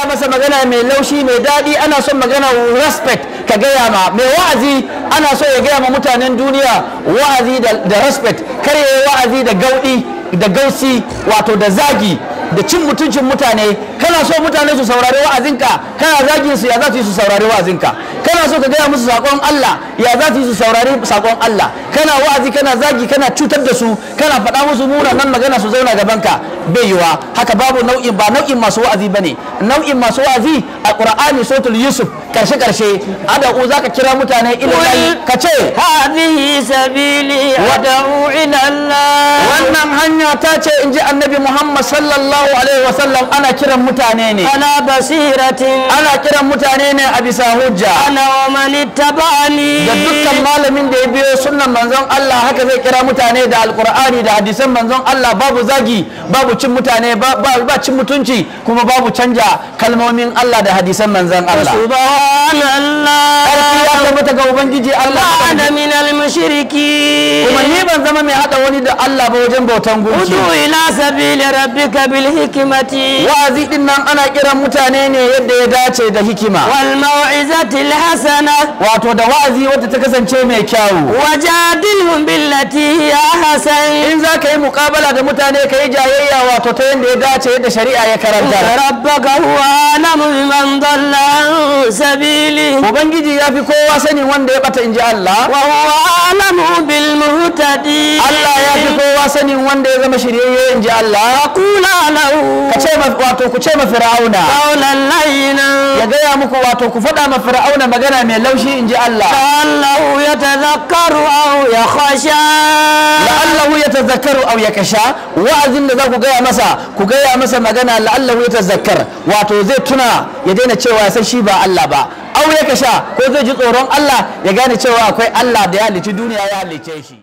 gaya masa magana mai laushi mai daɗi ana son magana respect ka gaya ma mai wa'azi ana so ya gaya ma mutanen duniya wa'azi da respect kar wa'azi da gauɗi da gausi wato da zagi da cin mutuncin mutane kana so mutane su saurari wa'azinka kana zagin su ya za su yi su saurari wa'azinka kana so ka gaya musu saƙon Allah ya za su saurari saƙon Allah kana wa'azi kana zagi kana cutar da su kana faɗa musu muna nan magana su zauna gaban ka bai yiwa haka babu nau'in ba nau'in masu wa'azi bane nau'in masu wa'azi a Qur'ani suratul Yusuf karshe karshe ad'u zaka kira mutane ila Allah ka ce hadhihi sabili ad'u ila Allah wannan hanya ta ce in ji Annabi Muhammad sallallahu alaihi wa sallam ana kiran mutane ne ana basiratin ana kiran mutane ne a bisa hujja ana wa man da dukkan malamin da ya biyo sunnan manzon Allah haka zai kira mutane da alqur'ani da hadisan manzon Allah babu zagi babu cin mutane ba cin mutunci kuma babu canja kalmomin Allah da hadisan manzon Allah subhanallah ban zama mai hada wani da Allah ba wajen bautan gunki udu ila sabili rabbika bil hikmati wa'azi din nan ana kiran mutane ne yadda ya dace da hikima wal mau'izatil hasana wato da wa'azi wata ta kasance mai kyawu wajadilhum billati hiya hasan in za ka yi muqabala da mutane ka yi jayayya wato ta yadda ya dace yadda shari'a ya karanta rabbaka huwa alamu man dalla sabili ubangiji ya fi kowa sani wanda ya bata inji Allah wa huwa alamu bil muhtadi Allah ya fi kowa sani wanda ya zama shiryayye inji Allah qula lahu kace ma wato ku ce ma fir'auna qawlan layyina ya gaya muku wato ku faɗa ma fir'auna magana mai laushi inji Allah la'allahu yatadhakkaru aw yakhsha la'allahu yatadhakkaru aw yakhsha wa'azin da za ku gaya masa ku gaya masa magana la'allahu yatadhakkar wato zai tuna ya daina cewa sai shi ba Allah Allah ba aure ka sha ko zai ji tsoron Allah ya gane cewa akwai Allah da ya halicci duniya ya halicce shi